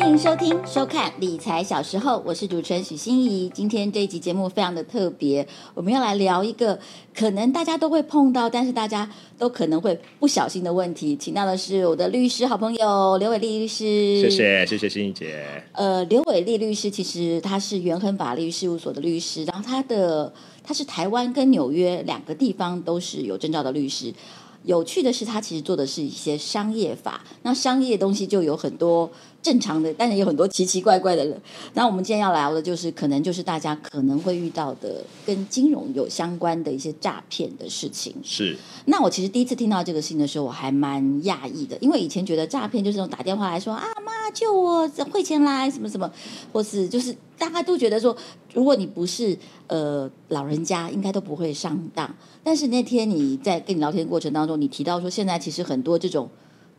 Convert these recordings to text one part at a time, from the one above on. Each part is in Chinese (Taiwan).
歡迎收聽、收看《理財小時候》，我是主持人許欣怡。今天這一集節目非常的特別，我們要來聊一個可能大家都會碰到，但是大家都可能會不小心的問題。請到的是我的律師好朋友劉偉立律師。謝謝，謝謝欣怡姐。呃，劉偉立律師其實他是元亨法律事務所的律師，然後他的他是台灣跟紐約兩個地方都是有證照的律師。有趣的是，他其實做的是一些商業法，那商業的東西就有很多，正常的，但是有很多奇奇怪怪的人。那我們今天要聊的，就是可能就是大家可能會遇到的，跟金融有相關的一些詐騙的事情。是。那我其實第一次聽到這個信的時候，我還蠻訝異的，因為以前覺得詐騙就是那種打電話來說啊媽救我匯錢來什麼什麼，或是就是大家都覺得說，如果你不是呃老人家，應該都不會上當。但是那天你在跟你聊天過程當中，你提到說，現在其實很多這種。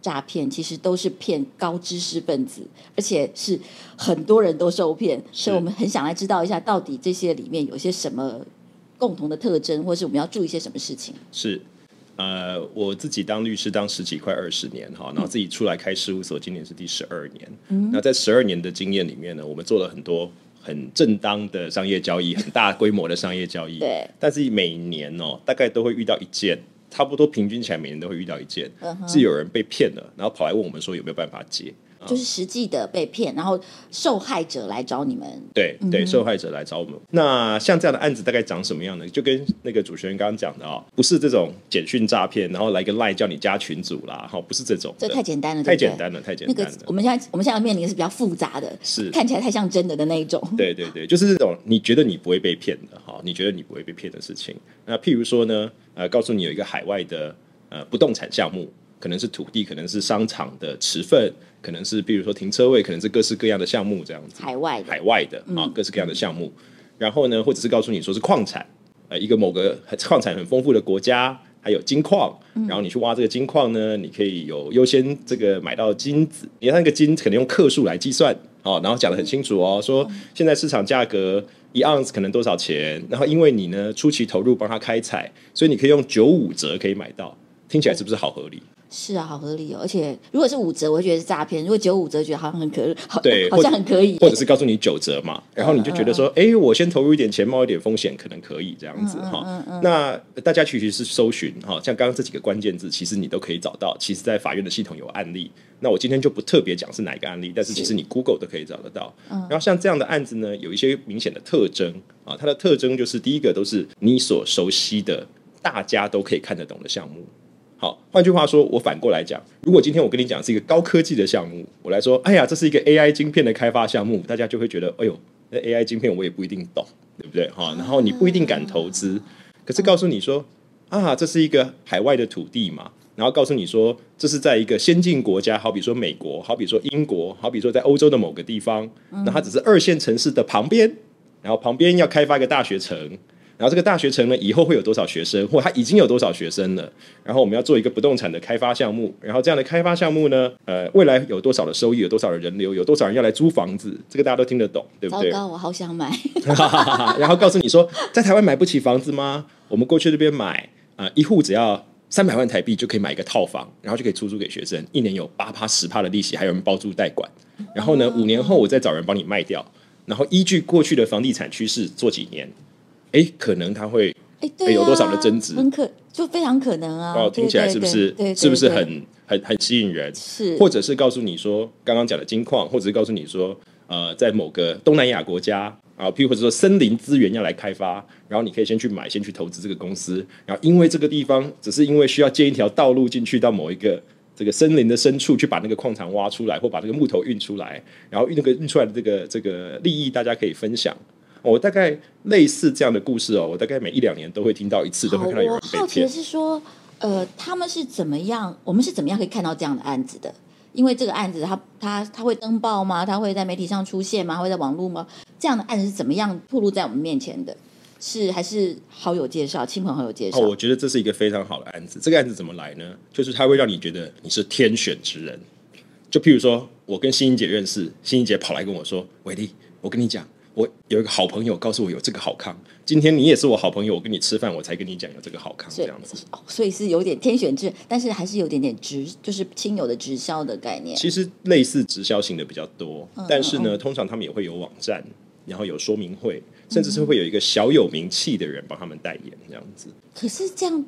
詐騙其實都是騙高知識分子，而且是很多人都受騙，是所以我們很想來知道一下，到底這些裡面有些什麼共同的特徵，或是我們要注意些什麼事情？是，呃，我自己當律師當十幾快二十年哈，然後自己出來開事務所，今年是第十二年。嗯，那在十二年的經驗裡面呢，我們做了很多很正當的商業交易，很大規模的商業交易。 對，但是每年哦，大概都會遇到一件。差不多平均起來，每年都會遇到一件，uh huh. 是有人被騙了，然後跑來問我們說有沒有辦法接。就是實際的被騙，然後受害者來找你們。對對，受害者來找我們。嗯，那像這樣的案子大概長什麼樣呢？就跟那個主持人剛剛講的啊，不是這種簡訊詐騙，然後來個賴叫你加群組啦，哈，不是這種。這太，太簡單了，太簡單了，太簡單了。我們現在我們現在要面臨的是比較複雜的，是看起來太像真的的那一種。對對對，就是這種你覺得你不會被騙的哈，你覺得你不會被騙的事情。那譬如說呢，呃，告訴你有一個海外的呃不動產項目。可能是土地，可能是商場的持份，可能是比如說停車位，可能是各式各樣的項目這樣子。海外，海外的啊，的嗯、各式各樣的項目。然後呢，或者是告訴你說是礦產，呃，一個某個礦產很豐富的國家，還有金礦，然後你去挖這個金礦呢，嗯、你可以有優先這個買到金子。嗯、你看那個金可能用克數來計算哦，然後講的很清楚哦，說現在市場價格一盎司可能多少錢，嗯、然後因為你呢初期投入幫他開採，所以你可以用九五折可以買到。聽起來是不是好合理？是啊，好合理哦。而且如果是五折，我會覺得是詐騙；如果九五折，覺得好像很可好對，好像很可以。或者是告訴你九折嘛，嗯、然後你就覺得說，哎、嗯嗯，我先投入一點錢，冒一點風險，可能可以這樣子哈。嗯嗯嗯、那大家其實是搜尋哈，像剛剛這幾個關鍵字，其實你都可以找到。其實，在法院的系統有案例，那我今天就不特別講是哪一個案例，是但是其實你 Google 都可以找得到。嗯、然後像這樣的案子呢，有一些明顯的特徵啊，它的特徵就是第一個都是你所熟悉的，大家都可以看得懂的項目。好，換句話說，我反過來講，如果今天我跟你講是一個高科技的項目，我來說，哎呀，這是一個 AI 晶片的開發項目，大家就會覺得，哎呦，那 AI 晶片我也不一定懂，對不對？哈，然後你不一定敢投資。可是告訴你說，啊，這是一個海外的土地嘛，然後告訴你說，這是在一個先進國家，好比說美國，好比說英國，好比說在歐洲的某個地方，那它只是二線城市的旁邊，然後旁邊要開發一個大學城。然後這個大學城呢，以後會有多少學生，或他已經有多少學生了？然後我們要做一個不動產的開發項目，然後這樣的開發項目呢，呃，未來有多少的收益，有多少的人流，有多少人要來租房子，這個大家都聽得懂，對不對？糟糕，我好想買。 然後告訴你說，在台灣買不起房子嗎？我們過去這邊買，啊、呃，一戶只要三百萬台幣就可以買一個套房，然後就可以出租給學生，一年有八趴十趴的利息，還有人包租代管。然後呢，五年後我再找人幫你賣掉，然後依據過去的房地產趨勢做幾年。哎，可能他會哎、啊，有多少的增值？很可，就非常可能啊！哦，聽起來是不是？對,對,對,對,對,對,對，是不是很很很吸引人？是，或者是告訴你說，剛剛講的金礦，或者是告訴你說，呃，在某個東南亞國家啊，譬如或者說森林資源要來開發，然後你可以先去買，先去投資這個公司，然後因為這個地方只是因為需要建一條道路進去到某一個這個森林的深處去把那個礦場挖出來，或把這個木頭運出來，然後運那個運出來的這個這個利益，大家可以分享。我、oh, 大概類似這樣的故事哦，我大概每一兩年都會聽到一次，好都會看到有人被騙。我好奇的是說，呃，他們是怎麼樣？我們是怎麼樣可以看到這樣的案子的？因為這個案子它，他他他會登報嗎？他會在媒體上出現嗎？會在網絡嗎？這樣的案子是怎麼樣曝露在我們面前的？是還是好友介紹、親朋好友介紹？Oh, 我覺得這是一個非常好的案子。這個案子怎麼來呢？就是他會讓你覺得你是天選之人。就譬如說我跟欣欣姐認識，欣欣姐跑來跟我說：“偉立，我跟你講。”我有一個好朋友告訴我有這個好康，今天你也是我好朋友，我跟你吃飯，我才跟你講有這個好康這樣子。哦，所以是有點天選之。但是還是有點點直，就是親友的直銷的概念。其實類似直銷型的比較多，嗯、但是呢，嗯、通常他們也會有網站，然後有說明會，甚至是會有一個小有名氣的人幫他們代言這樣子。可是、嗯、這樣，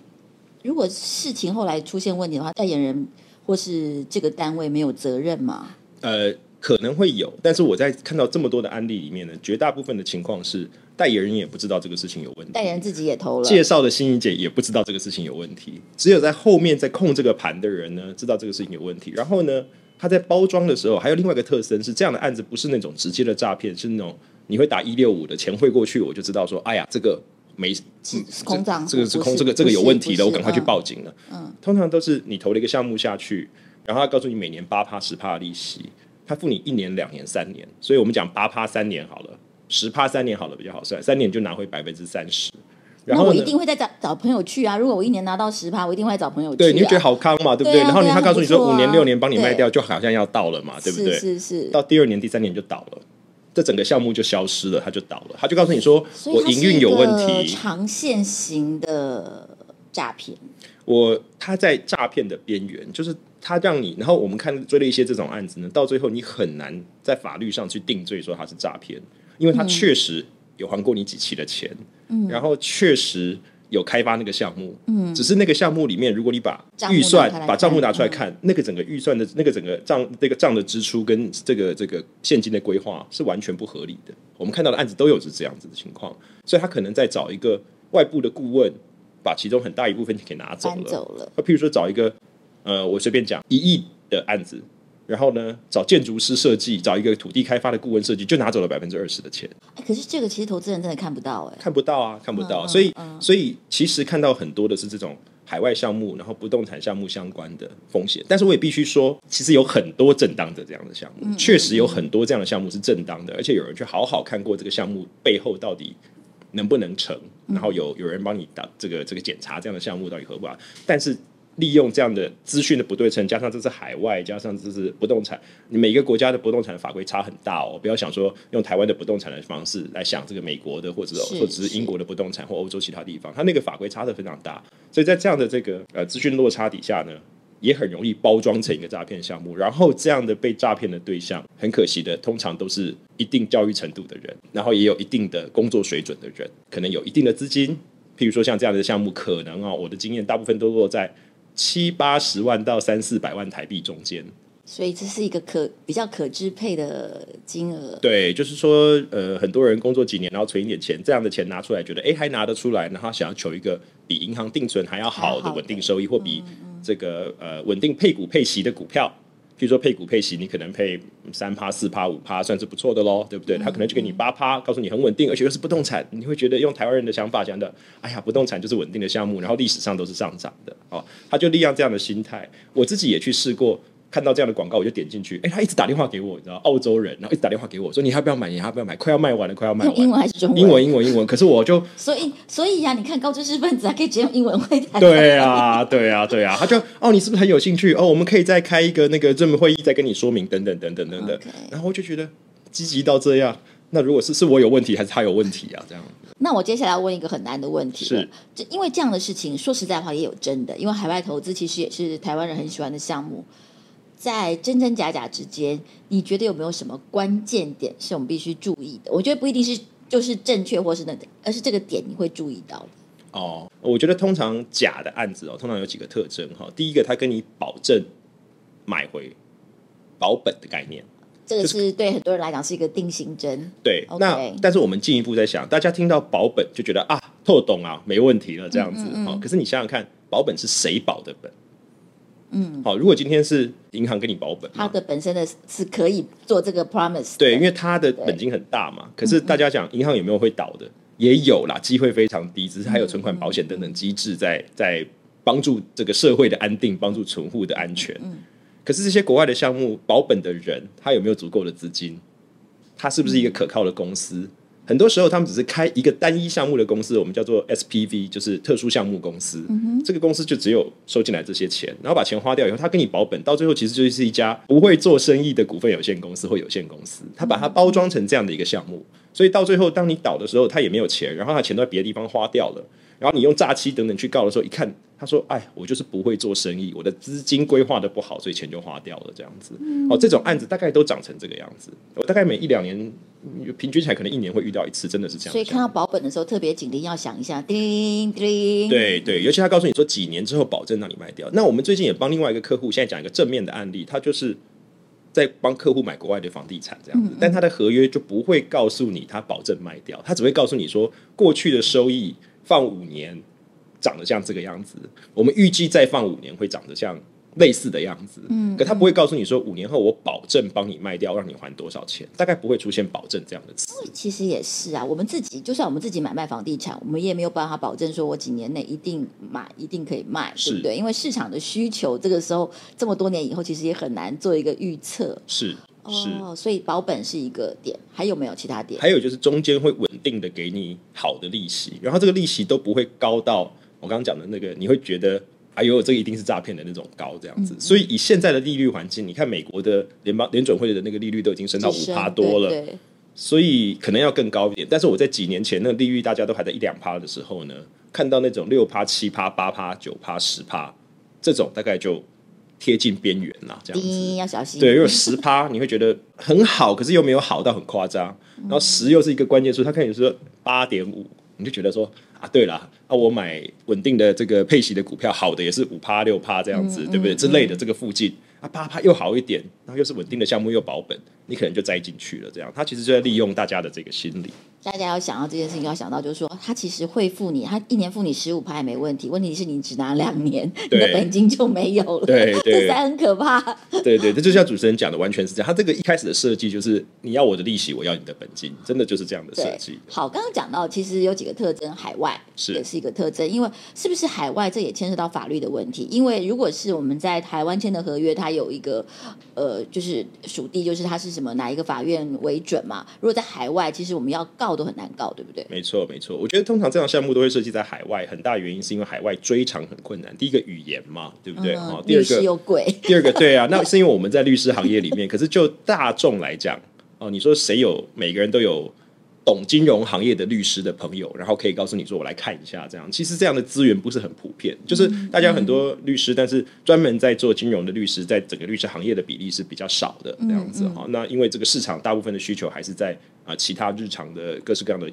如果事情後來出現問題的話，代言人或是這個單位沒有責任嗎？呃。可能會有，但是我在看到這麼多的案例裡面呢，絕大部分的情況是，代言人也不知道這個事情有問題，代言人自己也投了，介紹的心怡姐也不知道這個事情有問題，只有在後面在控這個盤的人呢，知道這個事情有問題，然後呢，他在包裝的時候還有另外一個特徵是，這樣的案子不是那種直接的詐騙，是那種你會打一六五的錢匯過去，我就知道說，哎呀，這個沒是空這，這個是空，是這個是這個有問題的，是我趕快去報警了。嗯，嗯通常都是你投了一個項目下去，然後他告訴你每年八趴十趴的利息。他付你一年、兩年、三年，所以我們講八趴三年好了，十趴三年好了比較好算，三年就拿回百分之三十。然後我一定會再找找朋友去啊！如果我一年拿到十趴，我一定會找朋友去啊。對，你就覺得好康嘛，對不對？對啊、對啊，然後他告訴你說五年、啊、六年幫你賣掉，就好像要到了嘛，對，對不對？是，是是，到第二年、第三年就倒了，這整個項目就消失了，他就倒了。他就告訴你說，我營運有問題，長線型的詐騙。我他在詐騙的邊緣，就是。他讓你，然後我們看追了一些這種案子呢，到最後你很難在法律上去定罪說他是詐騙，因為他確實有還過你幾期的錢，嗯，嗯，然後確實有開發那個項目，嗯，只是那個項目裡面，如果你把預算、帳目拿出來，把賬目拿出來看，嗯、那個整個預算的、那個整個賬、那個賬的支出跟這個這個現金的規劃是完全不合理的。我們看到的案子都有是這樣子的情況，所以他可能在找一個外部的顧問，把其中很大一部分給拿走了，他譬如說找一個。呃，我隨便講一億的案子，然後呢，找建築師設計，找一個土地開發的顧問設計，就拿走了百分之二十的錢、欸。可是這個其實投資人真的看不到哎、欸，看不到啊，看不到、啊。嗯嗯嗯、所以，所以其實看到很多的是這種海外項目，然後不動產項目相關的風險。但是我也必須說，其實有很多正當的這樣的項目，確、嗯、實有很多這樣的項目是正當的，嗯嗯、而且有人去好好看過這個項目背後到底能不能成，然後有有人幫你打這個這個檢查這樣的項目到底合不合。但是。利用這樣的資訊的不對稱，加上這是海外，加上這是不動產，你每個國家的不動產法規差很大哦。不要想說用台灣的不動產的方式來想這個美國的，或者說或者是英國的不動產，或歐洲其他地方，它那個法規差的非常大。所以在這樣的這個呃資訊落差底下呢，也很容易包裝成一個詐騙項目。然後這樣的被詐騙的對象，很可惜的，通常都是一定教育程度的人，然後也有一定的工作水準的人，可能有一定的資金。譬如說像這樣的項目，可能啊、哦，我的經驗大部分都落在。七八十萬到三四百萬台幣中間，所以這是一個可比較可支配的金額。對，就是說，呃，很多人工作幾年，然後存一點錢，這樣的錢拿出來，覺得哎，還拿得出來，然後想要求一個比銀行定存還要好的穩定收益，嗯嗯嗯、或比這個呃穩定配股配息的股票，譬如說配股配息，你可能配三趴、四趴、五趴，算是不錯的嘍，對不對？他可能就給你八趴，告訴你很穩定，而且又是不動產，你會覺得用台灣人的想法講的，哎呀，不動產就是穩定的項目，然後歷史上都是上漲的，哦，他就利用這樣的心態，我自己也去試過。看到這樣的廣告，我就點進去。哎、欸，他一直打電話給我，你知道，澳洲人，然後一直打電話給我說：“你還不要買？你還不要買？快要賣完了，快要賣完了。”英文還是中文？英文，英文，英文。可是我就所以，所以呀、啊，你看高知識分子啊，可以直接用英文會談。對啊，對啊，對啊。他就哦，你是不是很有興趣？哦，我們可以再開一個那個專門會議，再跟你說明等等等等等等。Okay. 然後我就覺得積極到這樣。那如果是是我有問題，還是他有問題啊？這樣。 那我接下來要問一個很難的問題。是。就因為這樣的事情，說實在話，也有真的。因為海外投資其實也是台灣人很喜歡的項目。在真真假假之間，你覺得有沒有什麼關鍵點是我們必須注意的？我覺得不一定是就是正確，或是那點，而是這個點你會注意到的。哦，我覺得通常假的案子哦，通常有幾個特徵哈、哦。第一個，他跟你保證買回保本的概念，這個是、就是、對很多人來講是一個定心針。對，Okay 那但是我們進一步在想，大家聽到保本就覺得啊，透懂啊，沒問題了這樣子啊、嗯嗯哦。可是你想想看，保本是誰保的本？嗯，好，如果今天是銀行給你保本，它的本身的是可以做這個 promise，對，因為它的本金很大嘛。對可是大家講，銀行有沒有會倒的？嗯、也有啦，機會非常低，只是還有存款保險等等機制在在幫助這個社會的安定，幫助存戶的安全。嗯嗯、可是這些國外的項目保本的人，他有沒有足夠的資金？他是不是一個可靠的公司？嗯很多時候，他們只是開一個單一項目的公司，我們叫做 SPV，就是特殊項目公司。嗯、哼這個公司就只有收進來這些錢，然後把錢花掉以後，他給你保本，到最後其實就是一家不會做生意的股份有限公司或有限公司。他把它包裝成這樣的一個項目，嗯、哼所以到最後，當你倒的時候，他也沒有錢，然後他錢都在別的地方花掉了。然後你用詐欺等等去告的時候，一看他說：“哎，我就是不會做生意，我的資金規劃的不好，所以錢就花掉了。”這樣子，嗯、哦，這種案子大概都長成這個樣子。我大概每一兩年、嗯，平均起來可能一年會遇到一次，真的是這樣子。所以看到保本的時候，特別警惕要想一下。叮叮、叮，對對，尤其他告訴你說幾年之後保證讓你賣掉。那我們最近也幫另外一個客戶，現在講一個正面的案例，他就是在幫客戶買國外的房地產這樣子，嗯嗯，但他的合約就不會告訴你他保證賣掉，他只會告訴你說過去的收益。放五年，長得像這個樣子，我們預計再放五年會長得像類似的樣子。嗯，可他不會告訴你說五年後我保證幫你賣掉，讓你還多少錢？大概不會出現“保證”這樣的詞。其實也是啊，我們自己就算我們自己買賣房地產，我們也沒有辦法保證說我幾年內一定買，一定可以賣，是對不對？因為市場的需求，這個時候這麼多年以後，其實也很難做一個預測。是。是哦，所以保本是一個點，還有沒有其他點？還有就是中間會穩定的給你好的利息，然後這個利息都不會高到我剛剛講的那個，你會覺得哎呦，這一定是詐騙的那種高這樣子。嗯，所以以現在的利率環境，你看美國的聯邦聯準會的那個利率都已經升到五趴多了，所以可能要更高一點。但是我在幾年前那利率大家都還在一兩趴的時候呢，看到那種六趴、七趴、八趴、九趴、十趴這種，大概就。貼近邊緣吶，這樣子要小心。對，如果十趴，你會覺得很好， 可是又沒有好到很誇張。然後十又是一個關鍵數，他可能說八點五，你就覺得說啊對啦，對了，那我買穩定的這個配息的股票，好的也是五趴六趴這樣子，嗯、對不對？之類的、嗯、這個附近啊，八趴又好一點，然後又是穩定的項目又保本，你可能就栽進去了。這樣，他其實就在利用大家的這個心理。大家要想到這件事情，要想到就是說，他其實會付你，他一年付你十五趴也沒問題。問題是你只拿兩年，對你的本金就沒有了，對，對，對，很可怕。對對， 對對，這就像主持人講的，完全是這樣。他這個一開始的設計就是，你要我的利息，我要你的本金，真的就是這樣的設計。好，剛剛講到，其實有幾個特徵，海外是也是一個特徵，因為是不是海外，這也牽涉到法律的問題。因為如果是我們在台灣簽的合約，它有一個呃，就是屬地，就是它是什麼哪一個法院為準嘛？如果在海外，其實我們要告。都很難搞，對不對？沒錯，沒錯。我覺得通常這樣項目都會設計在海外，很大原因是因為海外追償很困難。第一個語言嘛，對不對？嗯、哦，第二個，律師又貴。第二個，對啊， 那是因為我們在律師行業裡面，可是就大眾來講，哦，你說誰有？每個人都有。懂金融行業的律師的朋友，然後可以告訴你說：“我來看一下。”這樣，其實這樣的資源不是很普遍。就是大家很多律師，嗯嗯、但是專門在做金融的律師，在整個律師行業的比例是比較少的這樣子哈。嗯嗯、那因為這個市場大部分的需求還是在啊、呃、其他日常的各式各樣的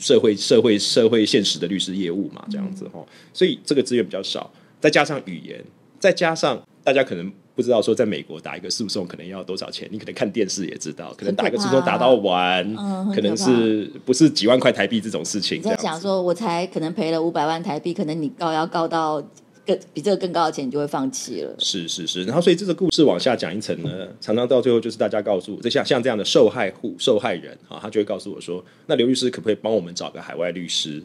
社會社會社會現實的律師業務嘛，這樣子哈，嗯、所以這個資源比較少。再加上語言，再加上大家可能。不知道說在美國打一個訴訟可能要多少錢？你可能看電視也知道，可能打一個訴訟打到完，可，嗯、可，可能是不是幾萬塊台幣這種事情這樣？你在想說，我才可能賠了五百萬台幣，可能你告要告到更比這個更高的錢，你就會放棄了。是是是，然後所以這個故事往下講一層呢， 常常到最後就是大家告訴我這像像這樣的受害戶受害人啊，他就會告訴我說：“那劉律師可不可以幫我們找個海外律師，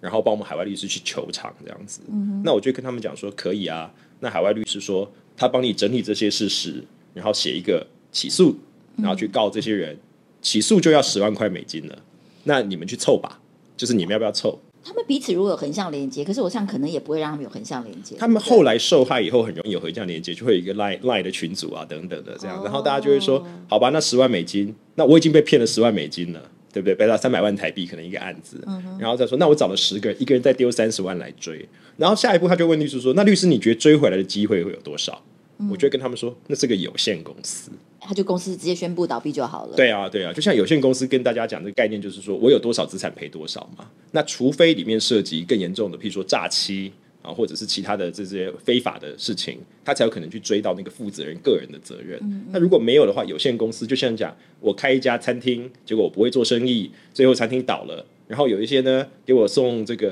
然後幫我們海外律師去求償這樣子？”嗯、哼那我就跟他們講說：“可以啊。”那海外律師說。他幫你整理這些事實，然後寫一個起訴，然後去告這些人，嗯、起訴就要十萬塊美金了。那你們去湊吧，就是你們要不要湊？他們彼此如果有橫向連接，可是我想可能也不會讓他們有橫向連接。他們後來受害以後很容易有橫向連接，對就會有一個 line line 的群組啊等等的這樣，哦、然後大家就會說：好吧，那十萬美金，那我已經被騙了十萬美金了。對不對？賠到三百萬台幣，可能一個案子，嗯、哼然後再說，那我找了十個人，一個人再丟三十萬來追，然後下一步他就問律師說：“那律師你覺得追回來的機會會有多少？”嗯、我就跟他們說：“那是個有限公司，他就公司直接宣布倒閉就好了。”對啊，對啊，就像有限公司跟大家講的概念，就是說我有多少資產賠多少嘛。那除非裡面涉及更嚴重的，譬如說詐欺。啊，或者是其他的這些非法的事情，他才有可能去追到那個負責人個人的責任。那、嗯嗯、如果沒有的話，有限公司就像講，我開一家餐廳，結果我不會做生意，最後餐廳倒了，然後有一些呢給我送這個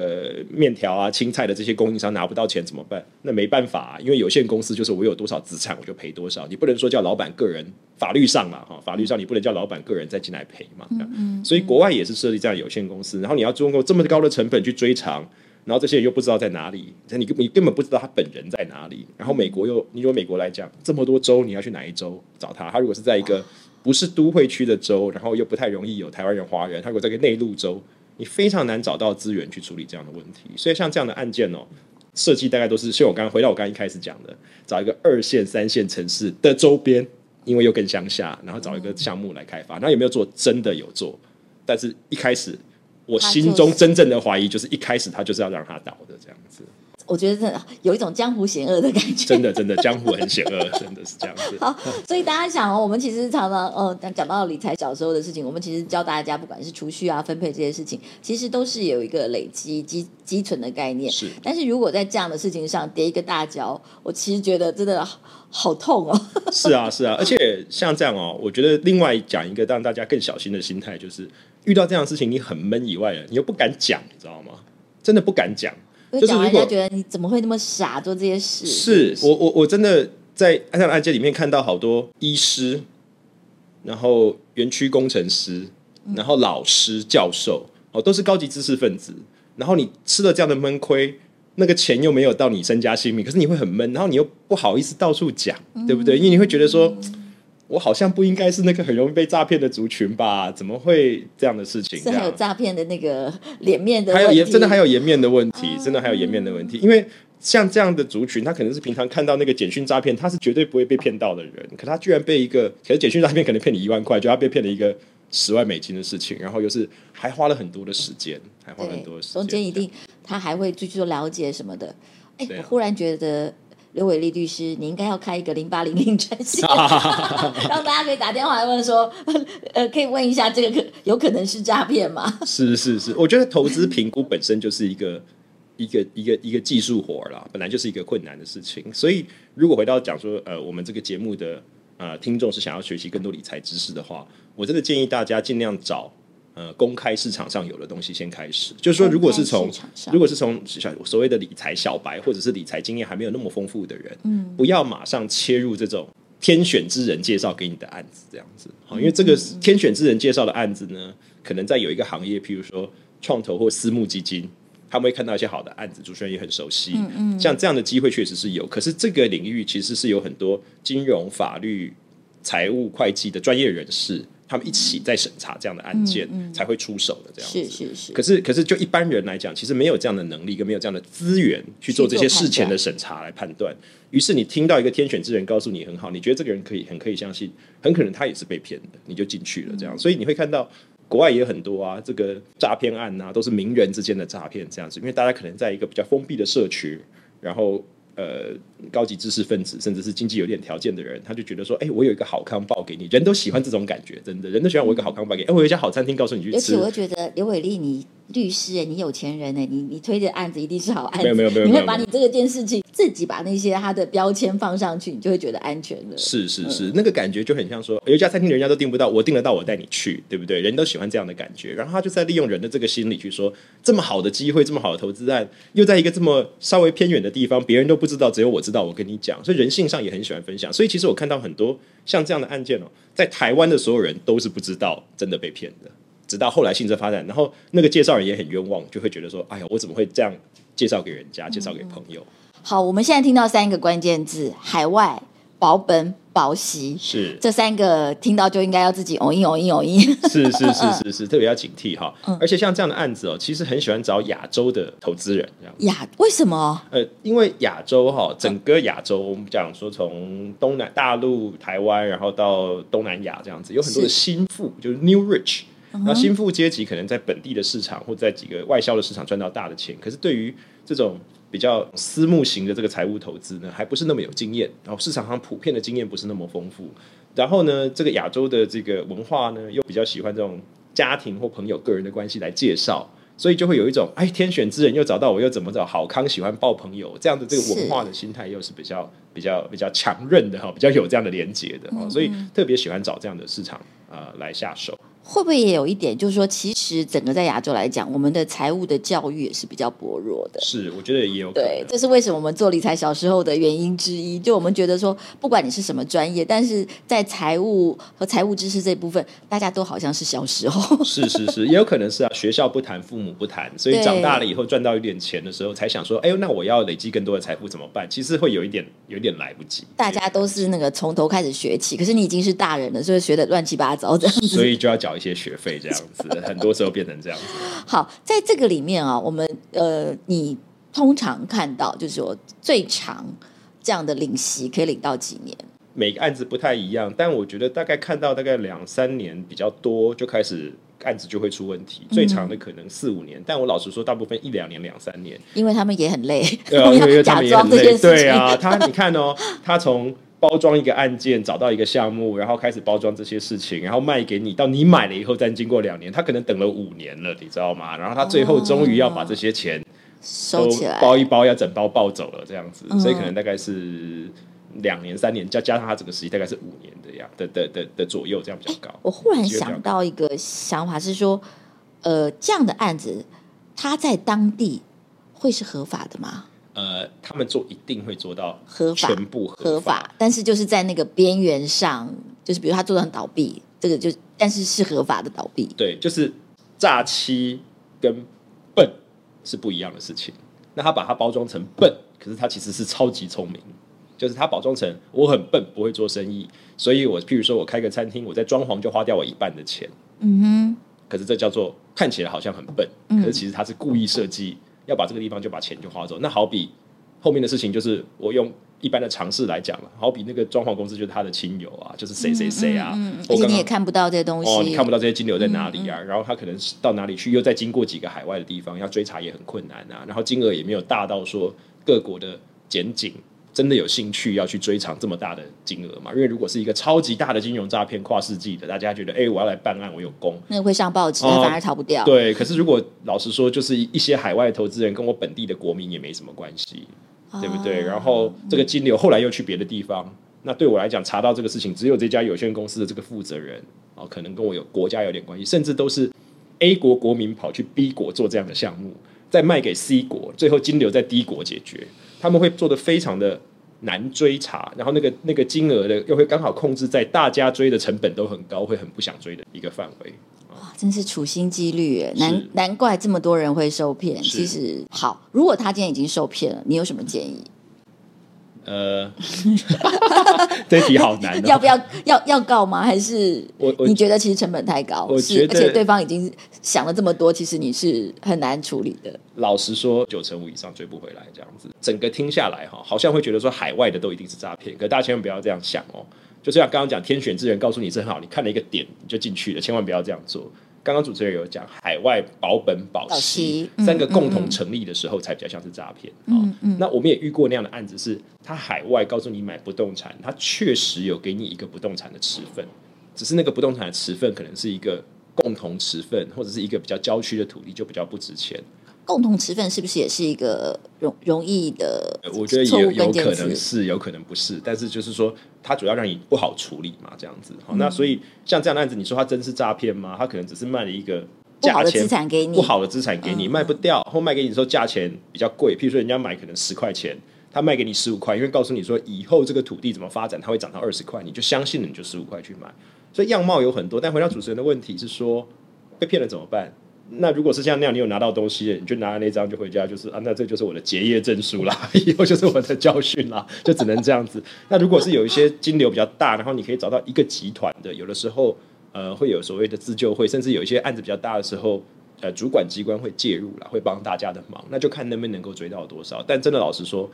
麵條啊、青菜的這些供應商拿不到錢怎麼辦？那沒辦法、啊，因為有限公司就是我有多少資產我就賠多少，你不能說叫老闆個人法律上嘛哈、哦，法律上你不能叫老闆個人再進來賠嘛。嗯，嗯，嗯，所以國外也是設立這樣有限公司，然後你要通過這麼高的成本去追償。然後這些人又不知道在哪裡，你你根本不知道他本人在哪裡。然後美國又，你如果美國來講，這麼多州，你要去哪一州找他？他如果是在一個不是都會區的州，然後又不太容易有台灣人、華人，他如果在一個內陸州，你非常難找到資源去處理這樣的問題。所以像這樣的案件哦，設計大概都是，像我剛剛回到我剛剛一開始講的，找一個二線、三線城市的周邊，因為又更鄉下，然後找一個項目來開發。那有沒有做？真的有做，但是一開始。我心中真正的懷疑，就是一開始他就是要讓他倒的這樣子。我覺得真的有一種江湖險惡的感覺。真的，真的，江湖很險惡，真的是這樣子。好，所以大家想哦，我們其實常常呃、嗯、講，講到理財小時候的事情，我們其實教大家不管是儲蓄啊、分配這些事情，其實都是有一個累積、積積存的概念。是，但是如果在這樣的事情上跌一個大跤，我其實覺得真的好，好痛哦。是啊，是啊，而且像這樣哦，我覺得另外講一個讓大家更小心的心態，就是遇到這樣的事情，你很悶以外的，你又不敢講，你知道嗎？真的不敢講。就是人家覺得你怎麼會那麼傻做這些事？是，是，是，是我我我真的在案上案件裡面看到好多醫師，然後園區工程師，然後老師、嗯、教授哦，都是高級知識分子。然後你吃了這樣的悶虧，那個錢又沒有到你身家性命，可是你會很悶，然後你又不好意思到處講，對不對？嗯、因為你會覺得說。我好像不應該是那個很容易被詐騙的族群吧？怎麼會這樣的事情？是還有詐騙的那個臉面的，還有顏，真的還有顏面的問題，啊、真的還有顏面的問題。因為像這樣的族群，他可能是平常看到那個簡訊詐騙，他是絕對不會被騙到的人。可他居然被一個，可是簡訊詐騙可能騙你一萬塊，就他被騙了一個十萬美金的事情，然後又是還花了很多的時間，嗯、還花了很多的時間，中間一定他還會繼續做了解什麼的。哎，樣我忽然覺得。劉偉立律師，你應該要開一個零八零零專線，後、啊、 大家可以打電話來問說，呃，可以問一下這個可有可能是詐騙嗎？是是是，我覺得投資評估本身就是一個 一個一個一個技術活啦，本來就是一個困難的事情，所以如果回到講說，呃，我們這個節目的呃聽眾是想要學習更多理財知識的話，我真的建議大家儘量找。呃，公開市場上有的東西先開始，就是說，如果是從如果是從小所謂的理財小白，或者是理財經驗還沒有那麼豐富的人，嗯，不要馬上切入這種天選之人介紹給你的案子，這樣子，好，因為這個天選之人介紹的案子呢，嗯嗯、可能在有一個行業，譬如說創投或私募基金，他們會看到一些好的案子，主持人也很熟悉，嗯，嗯像這樣的機會確實是有，可是這個領域其實是有很多金融、法律、財務、會計的專業人士，他們一起在審查這樣的案件，嗯嗯、才會出手的這樣子。是是是。是是可是，可是就一般人來講，其實沒有這樣的能力，跟沒有這樣的資源去做這些事前的審查來判斷。於是，你聽到一個天選之人告訴你很好，你覺得這個人可以，很可以相信，很可能他也是被騙的，你就進去了這樣。嗯、所以，你會看到國外也有很多啊，這個詐騙案啊，都是名人之間的詐騙這樣子，因為大家可能在一個比較封閉的社區，然後呃。高級知識分子，甚至是經濟有點條件的人，他就覺得說：“哎、欸，我有一個好康報給你。”人都喜歡這種感覺，真的，人都喜歡我有一個好康報給你。哎、欸，我有一家好餐廳，告訴你去吃。尤其我覺得劉偉立，你律師，哎，你有錢人，哎，你你推的案子一定是好案子，沒有沒有沒有。你會把你這個件事情，自己把那些他的標籤放上去，你就會覺得安全的。是是是，嗯、那個感覺就很像說，有一家餐廳，人家都訂不到，我訂得到，我帶你去，對不對？人都喜歡這樣的感覺。然後他就在利用人的這個心理去說，這麼好的機會，這麼好的投資案，又在一個這麼稍微偏遠的地方，別人都不知道，只有我知。那我跟你講，所以人性上也很喜歡分享，所以其實我看到很多像這樣的案件哦，在台灣的所有人都是不知道真的被騙的，直到後來性質發展，然後那個介紹人也很冤枉，就會覺得說：“哎呀，我怎麼會這樣介紹給人家，嗯嗯，介紹給朋友？”好，我們現在聽到三個關鍵字：海外保本。保息是這三個聽到就應該要自己哦咦、嗯、哦咦哦咦，是是是是是特別要警惕哈。嗯、而且像這樣的案子哦，其實很喜歡找亞洲的投資人這樣。亞為什麼？呃，因為亞洲哈、哦，整個亞洲，嗯、我們講說從東南大陸台灣，然後到東南亞這樣子，有很多的新富，是就是 new rich、嗯、然後新富階級可能在本地的市場或在幾個外銷的市場賺到大的錢，可是對於這種。比較私募型的這個財務投資呢，還不是那麼有經驗，然後市場上普遍的經驗不是那麼豐富。然後呢，這個亞洲的這個文化呢，又比較喜歡這種家庭或朋友個人的關係來介紹，所以就會有一種哎，天選之人又找到我，又怎麼找？好康喜歡抱朋友這樣的這個文化的心態，又是比較是比較比較強韌的哈，比較有這樣的連接的，所以特別喜歡找這樣的市場啊、呃、來下手。會不會也有一點，就是說其？其實整個在亞洲來講，我們的財務的教育也是比較薄弱的。是，我覺得也有可能。對，這是為什麼我們做理財小時候的原因之一。就我們覺得說，不管你是什麼專業，但是在財務和財務知識這一部分，大家都好像是小時候。 是是是，也有可能是啊。學校不談，父母不談，所以長大了以後賺到一點錢的時候，對才想說：“哎呦，那我要累積更多的財富怎麼辦？”其實會有一點，有一點來不及。大家都是那個從頭開始學起，可是你已經是大人了，所以學的亂七八糟這樣子。所以就要繳一些學費這樣子， 很多。變成這樣子，好，在這個裡面啊、哦，我們呃，你通常看到就是說，最長這樣的領息可以領到幾年？每個案子不太一樣，但我覺得大概看到大概兩三年比較多，就開始案子就會出問題。嗯、最長的可能四五年，但我老實說，大部分一兩年、兩三年因、啊，因為他們也很累， 對啊，他你看哦，他從。 包裝一個案件，找到一個項目，然後開始包裝這些事情，然後賣給你。到你買了以後，再經過兩年，他可能等了五年了，你知道嗎？然後他最後終於要把這些錢都包一包、哦、收起來，包一包，要整包抱走了這樣子。嗯啊、所以可能大概是兩年、三年，加加上他整個時期大概是五年的樣，的的的的，的左右這樣比較高、欸。我忽然想到一個想法，是說，呃，這樣的案子他在當地會是合法的嗎？呃，他們做一定會做到合法，全部合，合法。但是就是在那個邊緣上，就是比如他做的很倒閉，這個就但是是合法的倒閉。對，就是詐欺跟笨是不一樣的事情。那他把它包裝成笨，可是他其實是超級聰明。就是他包裝成我很笨，不會做生意，所以我譬如說我開個餐廳，我在裝潢就花掉我一半的錢。嗯哼。可是這叫做看起來好像很笨，嗯、可是其實他是故意設計、嗯。要把這個地方就把錢就花走，那好比後面的事情就是我用一般的常識來講了，好比那個裝潢公司就是他的親友啊，就是誰誰誰啊，而且你也看不到這些東西，哦、你看不到這些金流在哪裡啊，嗯嗯、然後他可能是到哪裡去又再經過幾個海外的地方，要追查也很困難啊，然後金額也沒有大到說各國的檢警。真的有興趣要去追償這麼大的金額嗎？因為如果是一個超級大的金融詐騙跨世紀的，大家覺得，哎、欸，我要來辦案，我有功，那會上報紙，哦、他反而逃不掉。對，可是如果老實說，就是一些海外投資人跟我本地的國民也沒什麼關係，哦、對不對？然後這個金流後來又去別的地方，嗯、那對我來講，查到這個事情，只有這家有限公司的這個負責人，哦、可能跟我有國家有點關係，甚至都是 A 國國民跑去 B 國做這樣的項目，再賣給 C 國，最後金流在 D 國解決。他們會做得非常的難追查，然後那個那個金額的又會剛好控制在大家追的成本都很高，會很不想追的一個範圍。哇，真是處心積慮誒，是難難怪這麼多人會受騙。是其實好，如果他今天已經受騙了，你有什麼建議？嗯呃， 這題好難，哦，要不要 要要告嗎？還是你覺得其實成本太高？我是，而且對方已經想了這麼多，其實你是很難處理的。老實說，九成五以上追不回來，這樣子整個聽下來哈，好像會覺得說海外的都一定是詐騙。可大家千萬不要這樣想哦！就是要剛剛講天選之人，告訴你是很好，你看了一個點你就進去了，千萬不要這樣做。剛剛主持人有講，海外保本保息，嗯嗯、三個共同成立的時候，才比較像是詐騙啊。那我們也遇過那樣的案子是，是他海外告訴你買不動產，他確實有給你一個不動產的持份，只是那個不動產的持份可能是一個共同持份，或者是一個比較郊區的土地，就比較不值錢。共同持分，是不是也是一個容容易的？我覺得有有可能是，有可能不是。但是就是說，他主要讓你不好處理嘛，這樣子。嗯、那所以像這樣的案子，你說他真是詐騙嗎？他可能只是賣了一個假的資產給你，不好的資產給你，嗯、賣不掉，或賣給你的時候價錢比較貴。嗯、譬如說，人家買可能十塊錢，他賣給你十五塊，因為告訴你說以後這個土地怎麼發展，它會漲到二十塊，你就相信了，你就十五塊去買。所以樣貌有很多。但回到主持人的問題是說，被騙了怎麼辦？那如果是像那樣，你有拿到東西，你就拿那張就回家，就是啊，那這就是我的結業證書啦，以後就是我的教訓啦，就只能這樣子。那如果是有一些金流比較大，然後你可以找到一個集團的，有的時候呃，會有所謂的自救會，甚至有一些案子比較大的時候，呃，主管機關會介入啦，會幫大家的忙，那就看能不能夠追到多少。但真的老實說。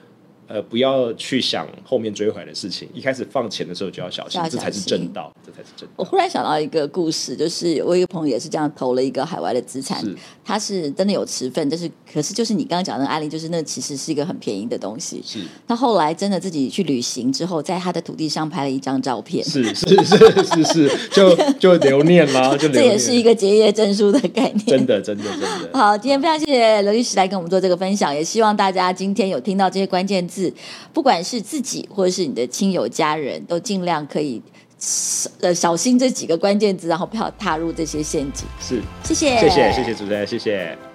呃，不要去想後面追回來的事情。一開始放錢的時候就要小心，小心這才是正道，這才是正道。我忽然想到一個故事，就是我一個朋友也是這樣投了一個海外的資產，是他是真的有持份，就是可是就是你剛剛講的案例，就是那其實是一個很便宜的東西。是。他後來真的自己去旅行之後，在他的土地上拍了一張照片，是是是是是，是，是，就就留念啦，就留念 這也是一個結業證書的概念。真的真的真的。真的真的好，今天非常謝謝劉律師來跟我們做這個分享，也希望大家今天有聽到這些關鍵字。不管是自己或者是你的親友家人，都儘量可以呃小心這幾個關鍵字，然後不要踏入這些陷阱。是，謝謝，謝謝，謝謝主持人，謝謝。